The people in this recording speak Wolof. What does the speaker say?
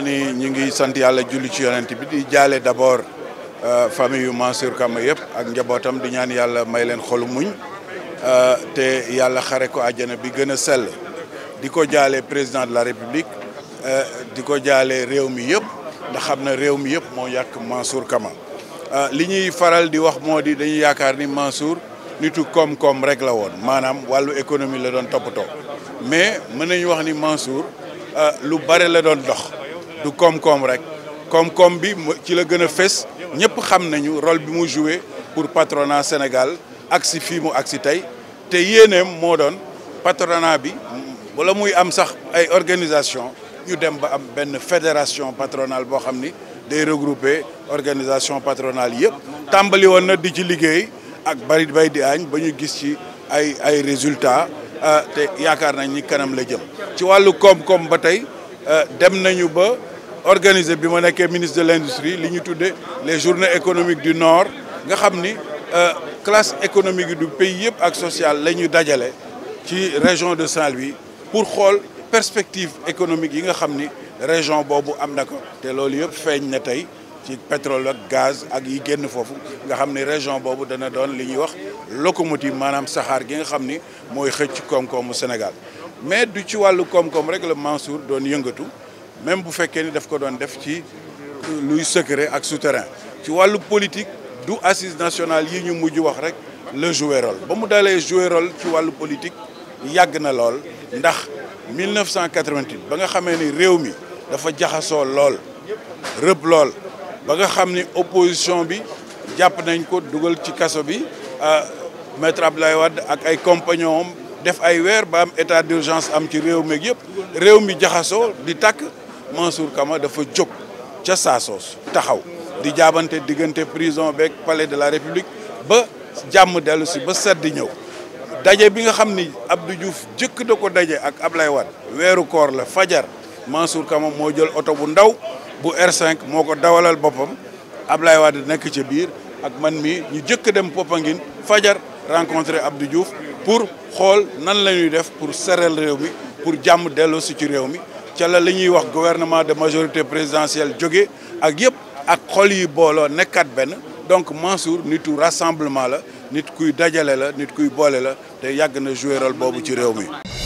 naa ni ñu ngi sant yàlla julli ci yonent bi di jaale d'abord euh, famille yu Mansour Kama yëpp ak njabootam di ñaan yàlla may leen xolu muñ euh, te yàlla xare ko àjjana bi gën a sell di ko jaale président de la république euh, di ko jaale réew mi yëpp ndax xam na réew mi yëpp moo yàq Mansour Kama li ñuy faral di wax moo di dañuy yaakaar ni Mansour nitu koom-koom rek la woon maanaam wàllu économie la doon toppatoo mais mën nañu wax ni Mansour lu bare la doon dox du kom kom rek kom kom bi ci la gëna fess ñepp xam nañu rôle bi mu joué pour patronat Sénégal ak si fi mu ak si tay té yéeneem mo doon patronat bi wala muy am sax ay organisation ñu dem ba am ben fédération patronale bo xamni day regrouper organisation patronale yépp tambali won na di ci liggéey ak bari bay di añ ba ñu gis ci ay ay résultats euh, té yaakar nañ ni kanam la jëm ci walu kom kom ba tay euh, dem nañu ba organisé bi ministre de l'Industrie, les journées économiques du nord nga euh, classe économique du pays yépp ak sociale la région de Saint-Louis pour la perspective économique yi nga région bobu am pétrole gaz ak yi génn région bobu dana doon locomotive manam nga Sénégal mais du ci walu rek la Mansour doon même bu fekkee ni ko def ci luy secret ak souterrain ci walu politique du assise nationale yi ñu mujj wax rek le un rôle ba mu rôle ci politique yag na lool ndax 1988 ba nga ni mi dafa lool opposition bi nañ ko ci bi euh, maître compagnons def ay état d'urgence am ci Mansour Kama dafa jóg sa Sassos taxaw di jaabante diggante prison avec palais de la République ba jàmm dellu aussi ba sedd ñëw daje bi nga xam ni Abdou Diouf jëkk da ko daje ak Ablaye Wade weeru koor la fajar Mansour Kama modèle jël oto bu ndaw bu R5 moko dawalal bopam, Ablaye Wade nekk ca biir ak man mi ñu jëkk dem Popenguine fajar rencontrer Abdou Diouf pour xool nan la def pour sereel le mi pour jàmm delloo aussi ci le mi ca la wax gouvernement de majorité présidentielle jóge ak yëpp ak xol yi booloo nekkat benn donc Mansour nitu rassemblement la nit kuy dajale la nit kuy boole la te yàgg na joué rôle boobu ci réew mi